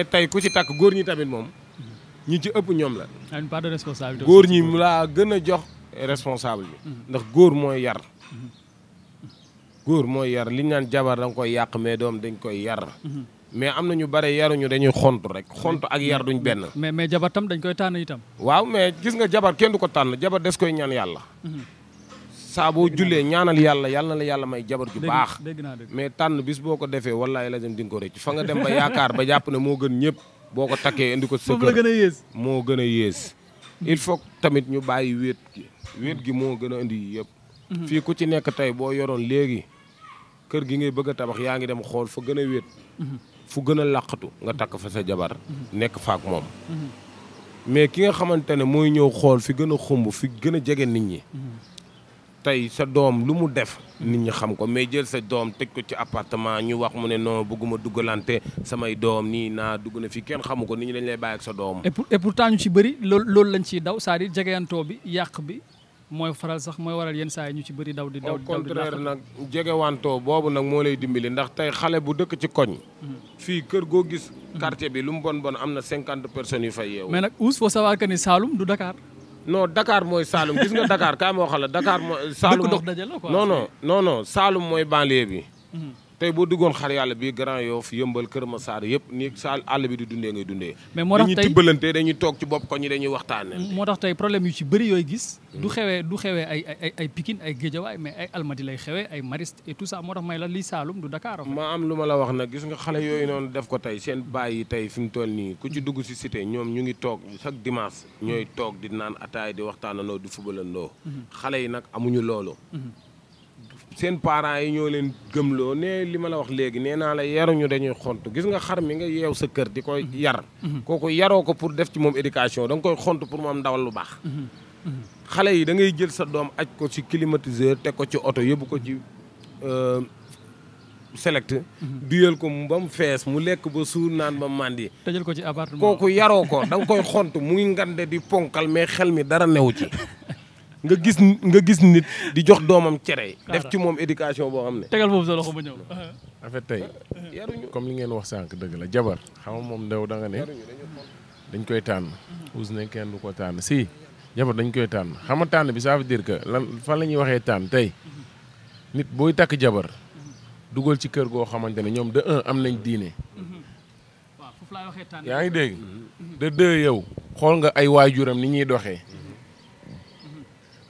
mais tey ku ci takk góor ñi tamit moom ñi ci ëpp ñoom la. une part de responsabilité góor ñi mu laa gën a jox responsable bi. Mm-hmm. ndax góor mooy yar. góor mooy yar li ñu naan jabar da koy yàq mais doom dañ koy yar. Mm-hmm. mais am na ñu bare yaruñu dañuy xont rek xont ak yar duñ benn. mais mais jabar tam dañ koy tànn itam. waaw mais gis nga jabar kenn du ko tànn jabar des koy ñaan yàlla. Mm-hmm. saa boo jullee ñaanal yàlla yàlla na yàlla may jabar ju baax mais tànn bis boo ko defee wallaay lazim di nga ko rëcc fa nga dem ba yaakaar ba jàpp na moo gën ñëpp boo ko takkee indi ko sa kër moo gën a yées il faut tamit ñu bàyyi wéet gi wéet gi moo gën a indi yëpp mhm. fii ku ci nekk tey boo yoroon léegi kër gi ngay bëgg a tabax yaa ngi dem xool fa gën a wéet mhm. fu gën a làqatu nga takk fa sa jabar mhm. nekk faak moom mais ki nga xamante ne mooy ñëw xool fi gën a xumb fi gën a jege nit ñi tey sa doom lu mu def nit ñi xam ko mais jël sa doom teg ko ci appartement ñu wax mu ne noo bëgguma duggalante samay doom nii naa dugg na fi kenn xamu ko nit ñi dañ lay bàyyi ak sa doom. et pourtant ñu ci bëri loolu loolu lañ ciy daw c'est-à-dire jegeyantoo bi yàq bi mooy faral sax mooy waral yenn saa yi ñu ci bëri daw di daw. di daw au contraire nag jegewantoo boobu nag moo lay dimbali ndax tey xale bu dëkk ci koñ. Hmm. fii kër goo gis. Hmm. quartier bi lu mu bon bon am na cinquante personnes yu fay yeewu. mais nag Ous faut savoir que ni du Dakar. non dakaar mooy Saalum gis nga dakaar kaay ma waxal la Dakar mooy. Saalum dëkk dox dajale quoi mooy banlieue bi. Mm-hmm. tey boo duggoon xar yàlla bi Grand Yoff yëmbal Kër Massar yëpp nii sa àll bi di dundee ngay dundee. mais moo tax tey dañuy tibbalante dañuy toog ci bopp ko ñi dañuy waxtaanee. moo tax tey problème yu ci bëri yooyu gis. du hmm. xewee xewee ay ay ay Pikine ay Géejawaay mais ay Almadi lay xewee ay Mariste et tout ça moo tax may la lii Saalum du Dakar. ma am lu ma la wax na gis nga xale yooyu noonu def ko tey seen baay tey fi mu toll nii ku ci hmm. dugg si cité ñoom ñu ngi toog chaque dimanche. ñooy hmm. toog di naan ataay di waxtaanandoo di fubalandoo. xale yi nag amuñu loolu seen parents yi ñoo leen gëmloo ne li ma la wax léegi nee naa la yaruñu dañuy xontu gis nga xar mi nga yeew sa kër di koy yar mhm. kooku yaroo ko pour def ci moom éducation danga koy xontu pour moom ndawal lu baax mhm. Mhm. xale yi da ngay jël sa doom aj ko ci climatiseur teg ko ci oto yóbbu ko ci euh, select duyal ko ba mu fees mu lekk ba suur naan ba màndi tëjal ko ci appartement kooku yaroo ko da nga koy xont mu ngande di ponkal mais xel mi dara newu ci nga gis nga gis nit di jox doomam cere. def ci moom éducation boo xam ne. tegal foofu sa loxo ba ñëw. en fait tey comme li ngeen wax sànq dëgg la jabar xam nga moom ndaw da nga ne dañ koy tànn. us ne kenn du ko tànn si jabar dañ koy tànn xam tànn bi ça veut dire que lan fan la ñuy waxee tànn tey nit booy takk jabar dugal ci kër goo xamante ne ñoom de am nañ diine. yaa ngi dégg de deux yow xool nga ay waajuram ni ñuy doxee.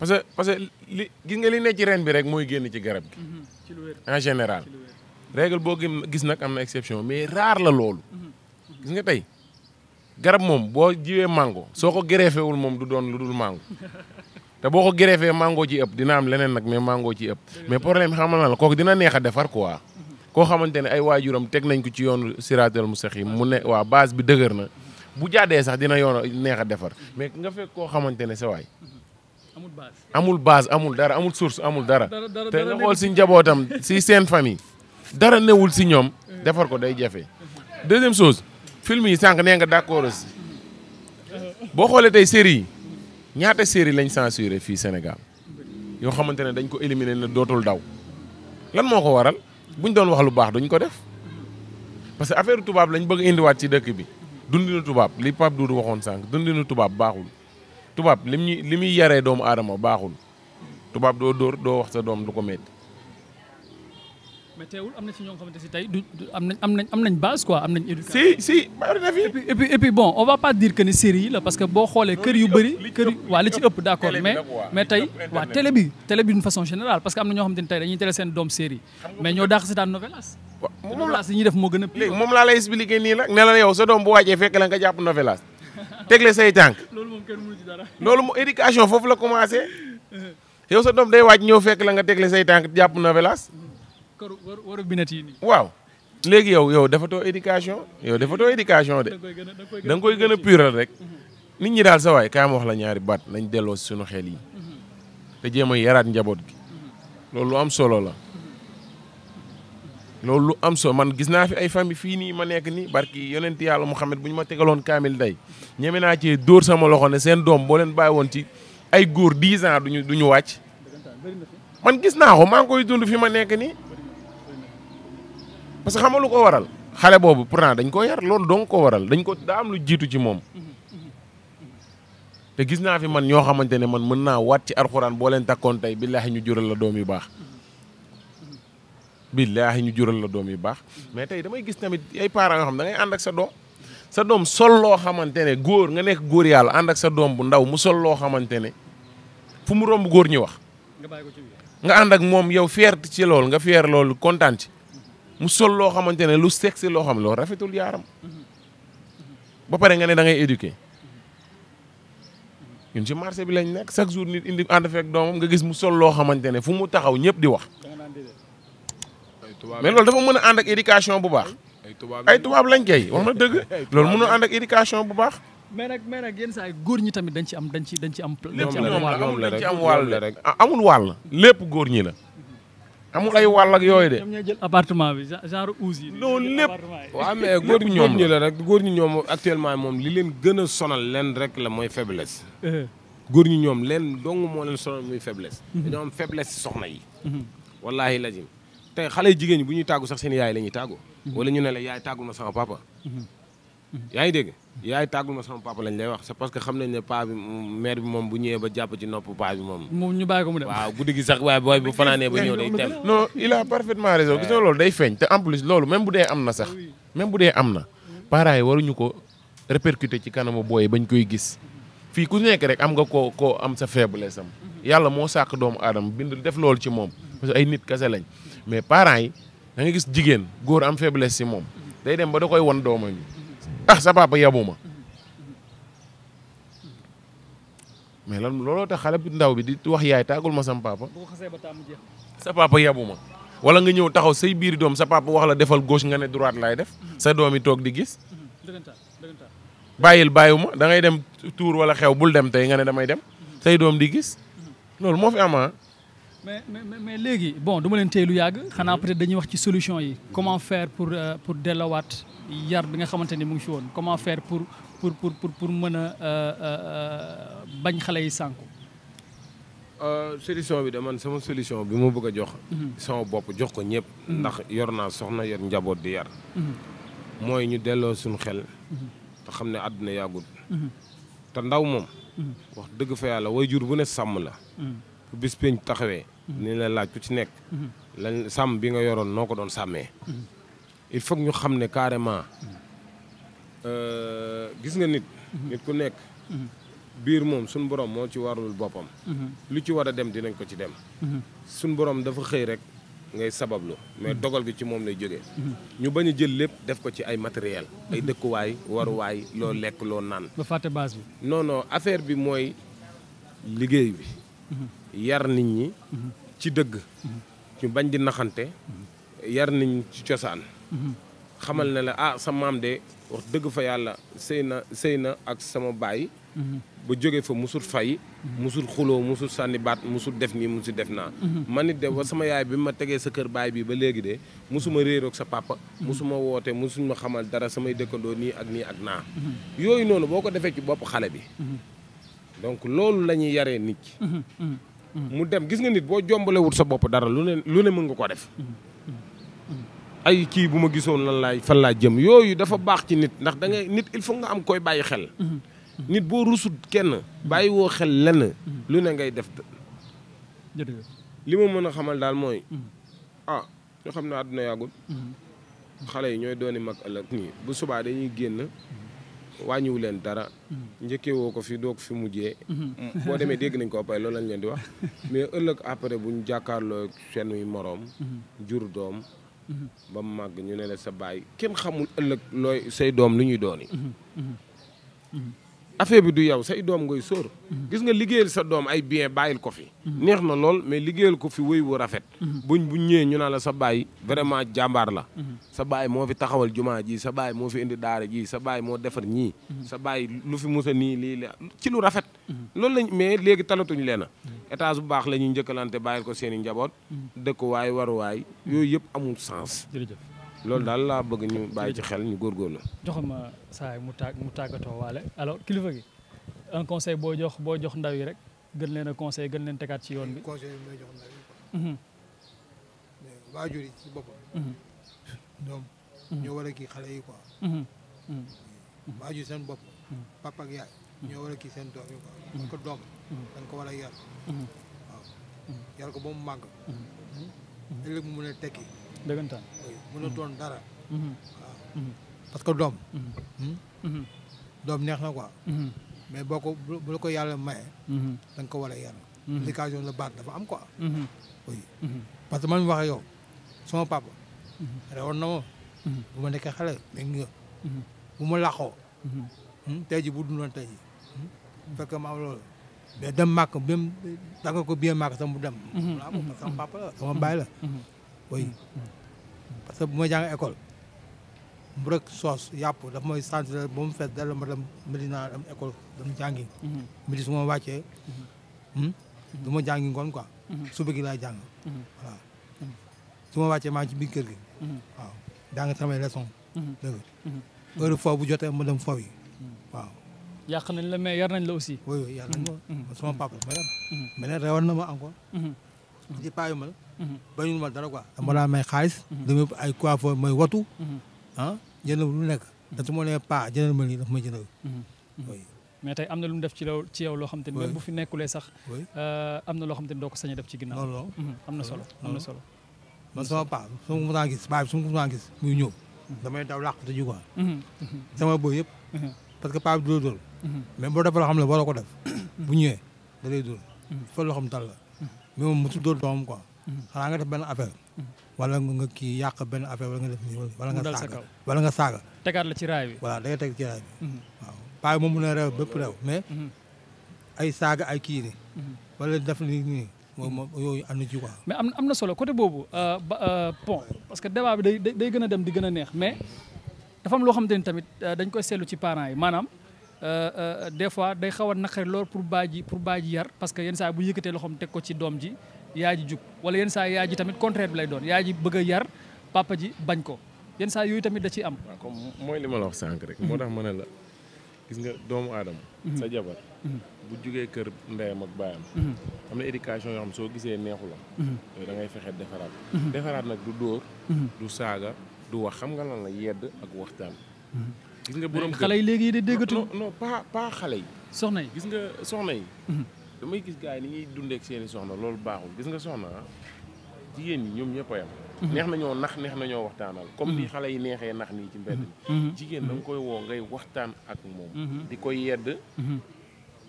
parce que parce li gis nga li ne ci reen bi rek mooy génn ci garab gi. Mhm. ci en général. règle boo gis nag am na exception mais raar la loolu. Mhm. Mhm. gis nga tey garab moom boo jiwee mango soo ko greffewul moom du doon lu dul màngo te boo ko greffee mango ci ëpp dina am leneen nag mais mango ci ëpp. mais problème xamal na la kooku dina neex a defar quoi. koo xamante ne ay waajuram teg nañ ko ci yoonu siraatal mustaqim mu ne waa base bi dëgër na bu jàddee sax dina yoon neex a defar mais nga fekk koo xamante ne sa waay. amul base amul dara amul source amul dara te nga xool si njabootam si seen famille dara newul si ñoom defar ko day jafe deuxième chose film yi sànq nee nga d'accord aussi boo xoolee tey série yi ñaata série lañ censuré fii Sénégal yoo xamante ne dañ ko éliminer na dootul daw lan moo ko waral buñ doon wax lu baax duñ ko def parce que affaire tubaab lañu bëgg indiwaat ci dëkk bi dundinu tubaab lii Pape Doudou waxoon sànq dundinu tubaab baaxul tubaab lim li muy yaree doomu aadama baaxul tubaab doo dóor doo wax sa doom du ko metti mais teewul am na ci ñoo xamante si tey si si fi puis bon on va pas dire que ni série yi la parce que boo xoolee kër yu bëri kër yu waaw li ci ëpp d'accord mais tey waaw télé bi télé bi d'une façon générale parce que am na ñoo xamante ni tey dañuy télé seen doom série mais ñoo daax si novelas moom la ñuy def moo gën a moom laa lay expliquer nii la ne yow sa doom bu waajee fekk la nga jàpp tegle say tànk. loolu moom loolu moom éducation foofu la commencé yow sa doom day waaj ñëw fekk la nga tegle say tànk jàpp na velas. kër waaw léegi yow yow dafa dafatoo éducation yow dafatoo éducation de. da nga koy gën a pural rek. nit ñi daal sa waay ma wax la ñaari baat lañ delloo si sunu xel yi. Mhm. te jéem a yaraat njaboot gi. Mhm. loolu lu am solo la. loolu lu am solo man gis naa fi ay famille fii nii ma nekk nii barki yonent yàlla Muhammad bu ñu ma tegaloon kaamil day ñeme naa cee dóor sama loxo ne seen doom boo leen bàyyi woon ci ay góor 10 ans duñu duñu wàcc man gis naa ko maa koy dund fi ma nekk nii parce que xam lu ko waral xale boobu pourtant dañ ko yar loolu dong ko waral dañ ko daa lu jiitu ci moom te gis naa fi man ñoo xamante ne man mën naa waat ci alxuraan boo leen takkoon tey billaahi ñu jural la doom yu baax billaahi ñu jural la doom yu baax mais tey damay gis tamit ay parents yoo xam da ngay ànd ak sa doom sa doom sol loo xamante ne góor nga nekk góor yàlla ànd ak sa doom bu ndaw mu sol loo xamante ne fu mu romb góor ñi wax nga ànd ak moom yow fier ci loolu nga fier loolu kontaan ci mu sol loo xamante ne lu sexy loo xam loolu rafetul yaaram ba pare nga ne da ngay éduquer ñun ci marché bi lañ nekk chaque jour nit indi ànd fekk doomam nga gis mu sol loo xamante ne fu mu taxaw ñëpp di wax mais loolu dafa mën a ànd ak bu baax. ay tubaab lañ koy wax na dëgg. loolu mën a ànd ak bu baax. mais nag mais nag yenn saa yi góor ñi tamit dañ ci am dañ ci dañ ci am. dañ ci am wàll rek ah, amul wàll. lépp góor ñi la. amul ay wàll ak yooyu de. ñoom ñooy jël appartement bi genre ouz yi. loolu lépp waaw mais góor ñi ñoom la rek góor ñi ñoom actuellement moom li leen gën a sonal leen rek la mooy faiblesse. Eh. góor ñi ñoom leen dong moo leen sonal mooy faiblesse. Mhm. dañoo am faiblesse soxna yi. Mhm. wallaahi lazim tey xale jigéen ñi bu ñuy tàggu sax seen yaay la ñuy tàggu wala ñu ne la yaay tàggul ma sama papa yaa ngi dégg yaay tàggul ma sama papa lañ lay wax c'est parce que xam nañ ne paa moom bu ñëwee ba jàpp ci nopp paa moom moom ñu bàyyi ko mu dem waaw guddi gi parfaitement raison gis nga loolu day feeñ te en plus loolu même bu dee am na sax même bu dee am na parents yi ñu ko répercuter ci kanamu booy bañ koy gis fii ku nekk rek am nga koo koo am sa faiblesse am yàlla moo sàkk doomu aadama bind def loolu ci moom parce que ay nit kase lañ mais parents yi da nga gis jigéen góor am faiblesse si moom day dem ba da koy won doomam yi ah sa papa yabuma mais lan looloo tax xale bu ndaw bi di wax yaay tàggul ma sam papa sa papa yabuma wala nga ñëw taxaw say biir doom sa papa wax la defal gauche nga ne droite laay def sa doom yi toog di gis mm-hmm. bàyyil bàyyiwuma da ngay dem tuur wala xew bul dem tey nga ne damay dem mm-hmm. say doom di gis mm-hmm. loolu moo fi ama ah. mais mais mais mais léegi bon du ma leen téye lu yàgg xanaa peut-être dañuy wax ci solution yi comment faire pour euh, pour dellowaat yar bi nga xamante ni mu ngi fi woon comment faire pour pour pour pour pour mën a euh, euh, bañ xale yi sànku. solution bi de man sama solution bi mu bëgg a jox. Mhm. sama bopp jox ko ñëpp. Mhm. ndax yor naa soxna yor njaboot di yar. Mhm. mooy ñu delloo suñu xel. te xam ne àdduna yàggul. te ndaw moom. wax dëgg fa yàlla way jur bu ne sàmm la. bu bis peñ taxawee. ni la laaj ku ci nekk. lan sàmm bi nga yoroon noo ko doon sàmmee. il faut ñu xam ne carrément euh, gis nga nit. nit ku nekk. biir moom suñ borom moo ci warul boppam. lu ci war a dem dinañ ko ci dem. suñ borom dafa xëy rek ngay sabablu mais dogal gi ci moom lay jóge ñu bañ a jël lépp def ko ci ay matériel ay dëkkuwaay waruwaay loo lekk loo naan. ba fàtte bi. non affaire bi mooy liggéey bi. yar nit ñi mhm. ci dëgg mhm. ñu bañ di naxante mhm. yar nit ñi ci cosaan xamal ne la ah sa maam de wax dëgg fa yàlla sëy na sëy na ak sama baay ba jóge fa musul fay musul xuloo musul sànni baat musul def nii musul def naa man it de wa sama yaay bi ma tegee sa kër baay bi ba léegi de musuma réeroog sa papa mosuma woote musuñ ma xamal dara samay dëkkandoo nii ak nii ak naa yooyu noonu boo ko defee ci bopp xale bi donc loolu la ñuy nit mu dem gis nga nit boo jombalewut sa bopp dara lu ne lu ne mën nga ko def ay kii bu ma gisoon lan laay fan laa jëm yooyu dafa baax ci nit ndax dangay nit il faut nga am koy bàyyi xel nit boo rusut kenn bàyyi woo xel lenn lu ne ngay def li ma mën a xamal daal mooy mm-hmm. ah ñu xam ne àdduna yàggul mm-hmm. xale yi ñooy dooni mag ëllëg nii bu subaa dañuy génn mm-hmm. wàññiwu leen dara. Mm-hmm. njëkkee woo ko fi doo ko fi mujjee. Mm-hmm. boo demee dégg nañ ko pay loolu lañ leen di wax. mais ëllëg après bu ñu jàkkaarloo seen wi moroom. Mm-hmm. jur doom. ba mu màgg ñu ne la sa baay kenn xamul ëllëg looy say doom lu ñuy dooni affaire bi du yow say doom ngay sóor gis nga liggéeyal sa doom ay bien bàyyil ko fi neex na lool mais liggéeyal ko fi wéy wu rafet buñ buñ ñëwee ñu naa la sa baay vraiment jàmbaar la sa baay moo fi taxawal jumaa ji sa baay moo fi indi daara ji sa baay moo defar ñii sa bàyyi lu fi musa nii lii la ci lu rafet loolu lañ mais léegi talatuñ leena étage bu baax la ñuy njëkkalante bàyyil ko seen i njaboot dëkkuwaay waruwaay yooyu yëpp amul sens jërëjëf loolu daal laa bëgg ñu bàyyi ci xel ñu góorgóorlu. joxal ma saa yi mu tàgg mu tàggatoo waale alors kilifa gi un conseil boo jox boo jox ndaw yi rek gën leen a conseil gën leen tegaat ci yoon bi. conseil bi jox ndaw yi quoi. Mhm. waajur yi ci boppam. Mhm. ñoom. Mhm. kii xale yi quoi. seen bopp. papa ak yaay. ñoo war a kii seen doom yi quoi. parce que doom dañ ko war a yar. yar ko ba mu màgg. ëllëg mu mën a tekki. dëggantaan mënutoon dara. Mm-hmm. waaw mm-hmm. parce que doom. Mm-hmm. Hmm? doom neex na ko mais boo ko bu la ko yàlla maye. da ko war a yar. éducation la baax dafa am ko parce que man waxe yow sama papa. rewoon na ma. bu ma nekkee xale mais bu ma laqoo. Hmm? tey ji bu dundoon tey ji. Hmm? fekk ma loolu. mais dem màkk même da ko bien màkk sax mu dem. mu laa ko sama papa la sama baay la. oui mm. parce que bu may jàng école mu rek soos yàpp daf may sentir ba mu fees dara ma dem Medina dem école dem jàngi. midi mm-hmm. su ma wàccee. Mm-hmm. Hmm, du ma jàngi ngoon quoi. Mm-hmm. suba gi laay jàng. voilà su ma wàccee maa ngi ci biir kër gi. waaw jàng samay leçon. dëgg la heure foofu bu jotee ma dem foofu yi waaw. yàq nañ la mais yar nañ la aussi. oui oui yar nañ ma. sama papa ma yar. mais nag rewoon na ma encore. Mhm. ma dara quoi dama daa may xaalis mhm. dama ay coiffeur may mhm. ah, da su ma nee paa jëndal ma lii daf ma jëndal mais tey am na lu mu def ci loolu ci yow loo xam te ne même bu fi nekkulee sax euh, am na loo xam te ne doo ko sañ a def ci ginnaaw loolu am na solo am na ah. solo man sama paa su ma ko mosaan gis paa bi su ma ko mosaan gis muy ñëw damay daw làqatu ji quoi sama booy yëpp parce que paa bi du la mais boo defee loo xam ne waroo ko def bu ñëwee da lay dóor loo xam tal la mais moom mosul dóor doomam ko mm-hmm. xanaa nga def benn affaire. Mm-hmm. wala nga kii yàq benn affaire wala nga def nii wala nga saaga wala nga saaga. tegaat la ci raay bi. waaw day teg ci raay bi. Mm-hmm. waaw paa moom mun na rew bépp rew mais. ay saaga ay kii ni wala def ni nii. moom yooyu am na ci quoi. mais am na solo côté boobu euh, ba bon euh, parce que débat bi day day gën a dem di gën a neex mais dafa am loo xamante ni tamit euh, dañ koy seetlu ci parents yi maanaam. Euh, euh, des fois day xaw a naqari lool pour baaji pour baaji yar parce que yenn saa bu yëkkatee loxoom teg ko ci doom ji yaa jug wala yenn saa yaa ji tamit contraire lay doon yaa ji bëgg a yar ji bañ ko yenn saa yooyu tamit da ciy am. waaw mooy li sànq rek. moo tax ma ne la gis nga doomu aadama. Mhm. sa jabar. Mhm. bu jugee kër ndeyam ak baayam. Mhm. am na éducation yoo xam soo gisee neexu la. ngay fexe defaraat. defaraat nag du dóor. du saaga du wax xam nga lan la yedd ak waxtaan. gis nga borom kër xale yi léegi de déggatu non non pas pas xale yi. soxna yi gis nga soxna yi. Mhm. damay gis gars yi ni ñuy dundee ak soxna loolu baaxul gis nga soxna jigéen ñoom ñëpp a yam mhm. neex nañoo nax neex nañoo waxtaanal. Mhm. comme ni xale yi neexee nax nii ci mbedd jigéen da koy woo ngay waxtaan ak moom. di koy yedd.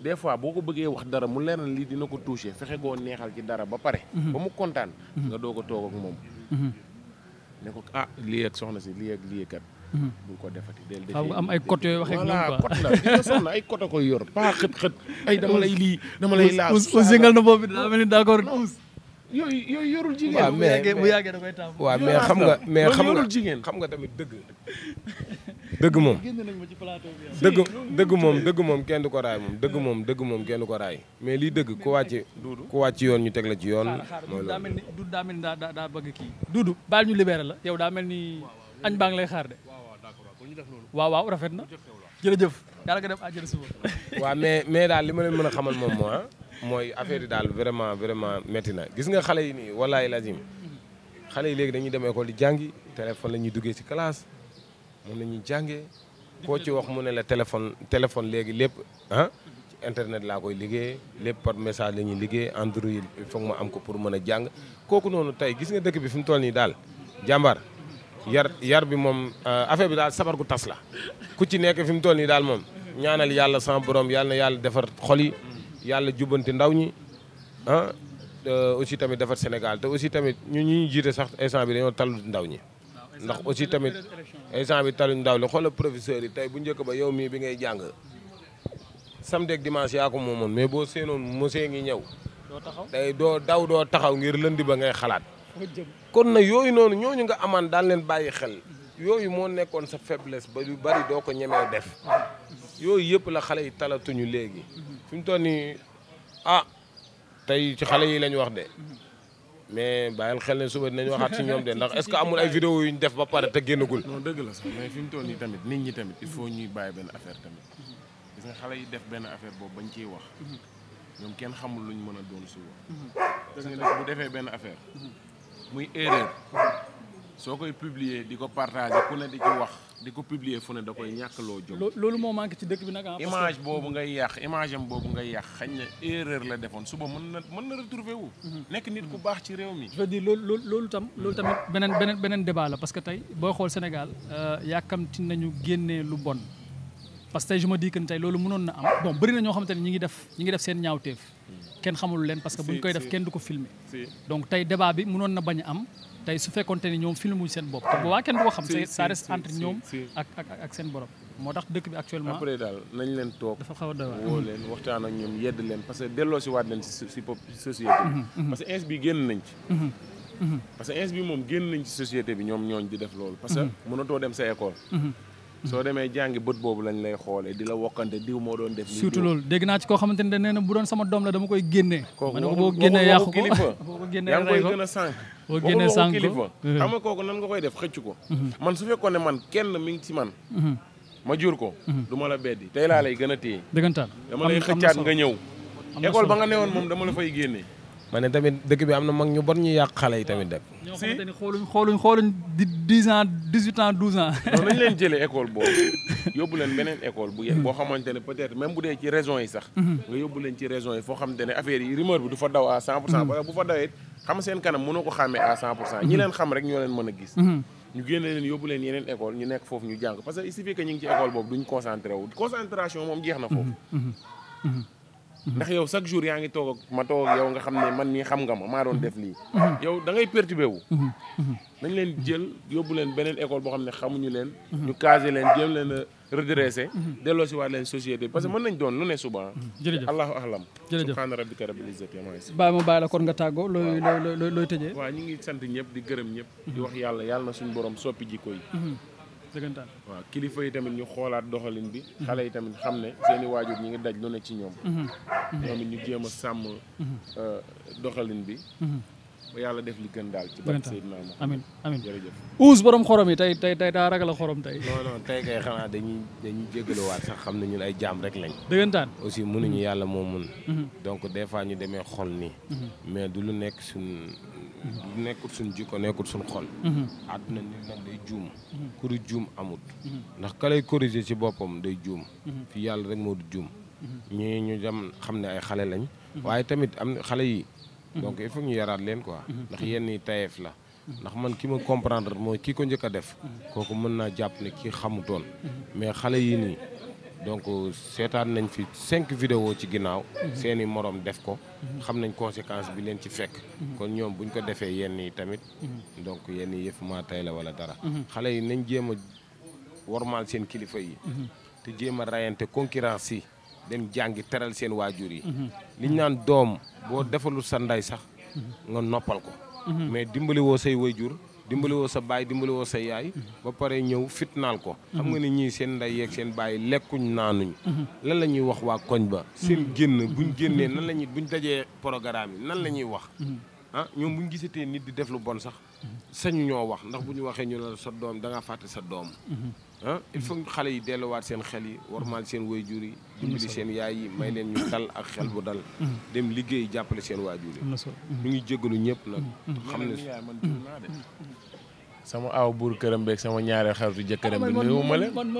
des fois boo ko bëggee wax dara mu leer na lii dina ko touché fexe koo neexal ci dara ba pare. ba mu kontaan. nga doog a toog ak moom. ne ko ah lii ak soxna si lii ak lii kat. bu mm-hmm. ko defati del def am ay côté yooy waxee la di nga soxna ay côté koy yor pas xët xët ay dama lay lii dama lay laal us yëngal na boobu daa mel ni d'accord yooyu yooyu yorul jigéen waaw mais bu yàggee da koy tàmm waaw mais xam nga mais xam nga jigéen xam nga tamit dëgg dëgg moom dëgg dëgg moom dëgg moom kenn du ko raay moom dëgg moom dëgg moom kenn ko raay mais lii dëgg ku wàcc ku wàcc yoon ñu teg la ci yoon mooy loolu daa mel ni duud daa mel ni daa daa bëgg kii duudu baal ñu libéré la yow daa mel ni añ baa ngi lay xaar de waaw waaw rafet na jërëjëf yàlla nga dem àjjana suba. waaw mais mais daal li ma leen mën a xamal moom mooy mooy affaire yi daal vraiment vraiment métti na gis nga xale yi nii walaay lazim xale yi léegi dañuy demee école di jàngi téléphone la ñuy duggee ci classe mun nañuy jàngee koo ci wax mu ne la téléphone téléphone léegi lépp ah internet laa koy liggéey lépp par message la ñuy liggéey Android il faut ma am ko pour mën a jàng kooku noonu tey gis nga dëkk bi fi mu toll nii daal jàmbaar. yar yar bi moom euh, affaire bi daal sabar gu tas la ku ci nekk fi mu toll nii daal moom ñaanal yàlla sans borom yàlla yàlla defar xol yàlla jubbanti ndaw ñi ah euh, aussi tamit defar Sénégal te aussi tamit ñu ñu jiite sax instant bi dañoo talu ndaw ñi ndax aussi tamit instant bi taluñ ndaw li xoolal professeur yi tey bu njëkk ba yow mii bi ngay jàng samedi ak dimanche yaa ko moomoon mais boo seenoon mose ngi ñëw day doo daw doo taxaw ngir lëndi ba ngay xalaat kon na yooyu noonu ñooñu nga amaan daal leen bàyyi xel yooyu moo nekkoon sa faiblesse ba yu bari doo ko ñemee def yooyu yëpp la xale yi talatuñu léegi fi mu toll nii ah tey ci xale yi lañ wax de mais bàyyil xel ne suba dinañ waxaat ci ñoom de ndax est-ce que ay vidéo yu ñu def ba te génnagul. non dëgg fi mu toll nii tamit nit ñi tamit il faut ñuy bàyyi benn affaire tamit gis nga xale yi def benn affaire boobu bañ ciy wax ñoom kenn xamul luñ mën a doon suba. parce mhm. que defee benn affaire. muy erreur soo koy publier di ko partager ku ne di ci wax di ko publier fu ne da koy ñàkk loo jóg. loolu moo manqué ci dëkk bi nag ah, image boobu ngay yàq image am boobu nga yàq xañ na erreur la defoon suba mën na mën na retrouver wu. Mhm. nekk nit ku baax ci réew mi. je veux dire loolu loolu loolu tam loolu tamit beneen beneen la parce que tey booy xool Sénégal euh, yàkkamti nañu génnee lu bon parce que tey je tey loolu mënoon na am bon bëri na ñoo xamante ne ñi ngi def ñi ngi def seen ñaawteef. kenn xamul leen parce que buñ koy def kenn du ko filmer donc tey débat bi mënoon na bañ a am tey su fekkonte ni ñoom filmuñ seen bopp te boobaa kenn du ko xam ça reste entre ñoom ak seen borom moo tax dëkk bi actuellement nañ leen toog dafa xaw a doy leen waxtaan ñoom yedd leen parce delloo si waat leen mm-hmm, mm-hmm. ci mm-hmm, parce bi ñoom ñooñ di def loolu parce mënatoo dem sa école soo demee jàngi bët boobu lañ lay xoolee di la wokkante diw moo doon def. surtout loolu dégg naa ci koo xamante ne nee na bu doon sama doom la dama koy génnee. kooku waxu waxu waxu kilifa yaa ngi koy gën a sànq. boo génnee sànq ko xam nga kooku nan nga koy def xëcc ko. Mm-hmm. man su fekkoon ne man kenn mi ngi ci man. Mm-hmm. ma jur ko. Mm-hmm. du ma la beddi tey laa lay gën a téye. dëggantaan dama lay xëccaat nga ñëw. école ba nga newoon moom dama la fay génnee. ma tamit dëkk bi am na mag ñu bon ñu yàq xale yi tamit rek. ñoo xamante ni xooluñ leen jëlee école boobu yóbbu leen beneen école bu ye boo xamante ne peut-être même bu dee ci raison yi sax. Mhm. nga yóbbu leen ci raison yi foo xamante ne affaire yi rumeur bi du fa mhm. xam seen kanam mënoo ko xàmmee à cent mhm. xam rek ñoo leen mën a gis. ñu génne leen yóbbu leen yeneen école ñu nekk foofu ñu jàng parce que il suffit que ñu ngi ci école boobu duñ concentré concentration moom jeex na foofu Mm-hmm. ndax yow chaque jour yaa ngi toog ma toog ak yow nga xam ne man nii xam nga ma maa doon def lii. Mm-hmm. yow da ngay perturbé wu. Mm-hmm. leen jël yóbbu leen beneen école boo xam ne xamuñu leen. ñu casé leen jéem leen a delloo si waat leen société parce que mën nañ doon lu ne suba. jërëjëf allahu ahlam. jërëjëf subhaana rabbika rabbil izzati amma yasifuun. bàyyi ma bàyyi la kon nga tàggoo looy looy looy ñu ngi sant ñëpp di gërëm ñëpp. di wax yàlla yàlla na suñu borom soppi jikko yi dëggantaan waaw kilifa yi tamit ñu xoolaat doxalin bi xale yi tamit xam ne seeni waajur ñi ngi daj lu ne ci ñoom mhm. Mhm. ñoom ñu jéem a sàmm mhm. euh, doxalin bi ba yàlla def li gën daal ci barke Seydina Muhammad amiin amiin yi tey tey tey daa a xorom tey non non tey kay xanaa dañuy dañuy jégaluwaat sax xam ne ñun ay jaam rek lañ dëggantaan aussi mënuñu yàlla moo mun donc des fois ñu demee xol nii mais du lu nekk suñ nekkul suñ jikko nekkul suñ xol mhm. àdduna nit nag day juum mhm. kuri juum amut mhm. ndax ka lay corriger ci boppam day juum fi yàlla rek moo du juum ñii ñu dem xam ne ay xale lañ waaye tamit am xale yi donc il ñu yaraat leen quoi ndax yenn yi tayeef la ndax man ki ma comprendre mooy kii ko njëkk a def kooku mën naa jàpp ne kii xamutoon mais xale yi nii donc seetaan nañ fi cinq vidéo ci ginnaaw mhm. seen i morom def ko mhm. xam nañ conséquence bi leen ci fekk mhm. kon ñoom buñ ko defee yenn yi tamit donc yenn yëf maa tay la wala dara xale yi nañ jéem a wormaal seen kilifa yi te jéem a rayante concurrence yi dem jàngi teral seen waajur yi liñ naan doom boo defalul sa ndey sax nga noppal ko mais dimbali woo say waajur dimbaliwoo sa baay dimbaliwoo sa yaay ba pare ñëw fitnaal ko xam nga ne ñuy seen ndey yeeg seen baay lekkuñ naanuñ lan la ñuy wax waa koñ ba seen génn buñ génnee nan la ñuy buñ dajee programme yi nan la ñuy wax ah ñoom bu ñu gisatee nit di def lu bon sax sañu ñoo wax ndax bu ñu waxee ñu ne sa doom da nga fàtte sa doom ah il faut xale yi delluwaat seen xel yi warmaal seen waajur yi dimbali seen yaay yi may leen ñu dal ak xel bu dal dem liggéey jàppale seen waajur yi ñu ngi jéggalu ñëpp nag mm-hmm. xam ne sama aw buur këram beeg sama ñaareel xaritu jëkkëram ah, bi nuyu ma leen man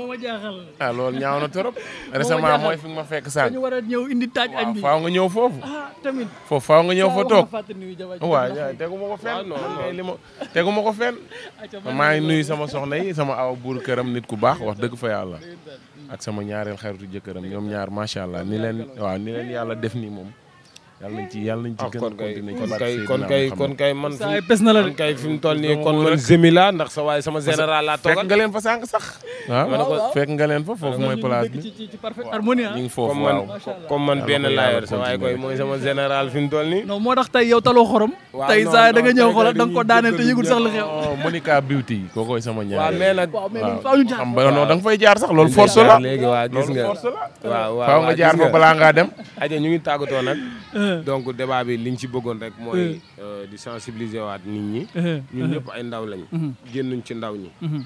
ah, ñaaw na trop récemment mooy fi ma fekk sànq dañu ñëw indi taaj añ faaw nga ñëw foofu ah, tamit foofu faaw nga ñëw fa toog waaw tegu ma ko fenn non li ma tegu ma ko fenn maa ngi nuyu sama soxna yi sama aw buur këram nit ku baax wax dëgg fa yàlla ak sama ñaareel xaritu jëkkëram ñoom ñaar macha allah ni leen waaw ni leen yàlla def nii moom yàlla nañ ci yàlla nañ ci ah, a continuer kon kay kon kay man la kon kay fi mu toll nii kon man zemi la ndax sa sama général laa toogal fekk nga leen fa sànq sax ah, fekk nga leen fa foofu mooy place bi ah. sa waaye koy mooy sama général moo tax tey yow taloo xorom tey saa da ñëw xoolal da ko daaneel te yëgul sax li xew oh, Monica Beauty kookoy sama ñaar waaw mais nag faaw ñu jaar waaw non da nga fay jaar sax loolu force la nga dem aja ñu ngi tàggatoo nag Eh. donc débat bi liñ ci bëggoon rek mooy eh. euh, di sensibiliser waat nit ñi eh. ñu ñëpp ay ndaw lañ mm-hmm. génnuñ ci ndaw ñi mm-hmm.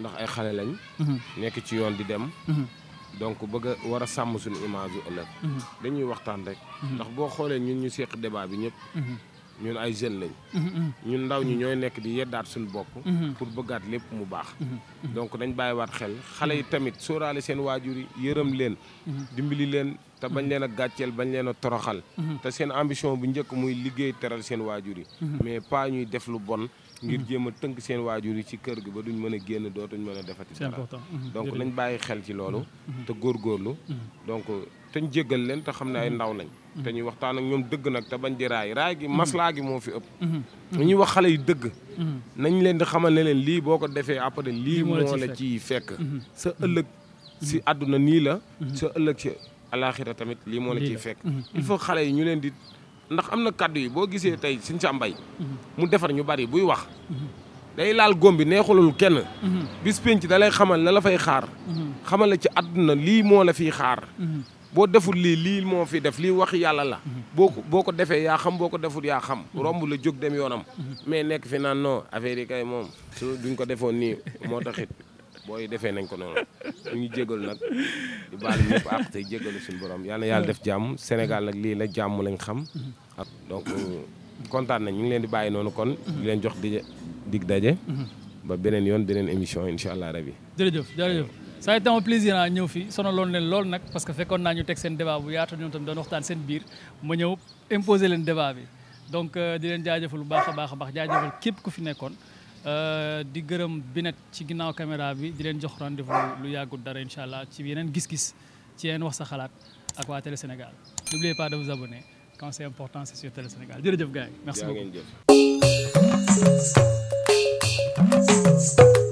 ndax ay xale lañ mm-hmm. nekk ci yoon di dem donc bëgg a war a sàmm suñu image yu dañuy waxtaan rek ndax boo xoolee ñun ñu seq débat bi ñëpp ñun ay jeunes lañ ñun ndaw ñi ñooy nekk di yeddaat suñu bopp pour bëggaat lépp mu baax donc dañ bàyyiwaat xel xale yi tamit sóoraale seen waajur yi yërëm leen dimbali leen te bañ leen a gàcceel bañ leen a toroxal mhm. te seen ambition bu njëkk muy liggéey teral seen waajur yi mhm. mais pas ñuy def lu bon ngir mhm. jéem a tënk seen waajur yi ci kër gi ba duñ mën a génn dootuñ mën a defati dara donc nañ bàyyi xel ci loolu te góorgóorlu donc te ñu jéggal leen te xam ne ay ndaw lañ te ñuy waxtaan ak ñoom dëgg nag te bañ di raay raay gi maslaa gi moo fi ëpp ñu ñuy wax xale yu dëgg nañ leen di xamal ne leen lii boo ko defee après lii moo la ciy fekk sa ëllëg si àdduna nii la sa ëllëg alaaxira tamit lii moo la ciy fekk. Mm-hmm. il faut xale yi ñu leen di ndax am na kàddu yi boo gisee tey suñ sa mm-hmm. mu defar ñu bari buy wax. Mm-hmm. day laal góom bi neexulul kenn. bis penc da xamal la la fay xaar. xamal la ci àdduna lii moo la fiy xaar. boo deful lii lii moo fi def lii wax yàlla la. boo ko boo ko defee yaa xam boo ko deful yaa xam. romb la jóg dem yoonam. mais nekk fi naan non affaire yi kay moom su duñ ko defoon nii moo taxit. booy defee nañ ko noonu ñu ngi jégal nag di baal ñëpp àq tey jégalu suñu borom yal na yàlla def jàmm Sénégal nag lii la jàmm lañ xam donc kontaan nañ ñu ngi leen di bàyyi noonu kon ñu leen jox di dig daje ba beneen yoon beneen émission incha allah rabi jërëjëf jërëjëf ça a été un plaisir a ñëw fii sonaloon leen lool nag parce que fekkoon naa ñu teg seen débat bu yaatu ñoom tam doon waxtaan seen biir ma ñëw imposer leen débat bi donc euh, di leen jaajëfal bu baax a baax a baax jaajëfal képp ku fi nekkoon Euh, di gërëm Binet ci ginnaaw caméra bi di leen jox rendez-vous lu yàggul dara incha allah ci yeneen gis-gis ci yeneen wax sa xalaat ak waa Télé Sénégal n'oubliez pas de vous abonner quand c'est important c'est sur Télé Sénégal jërëjëf gars yi merci beaucoup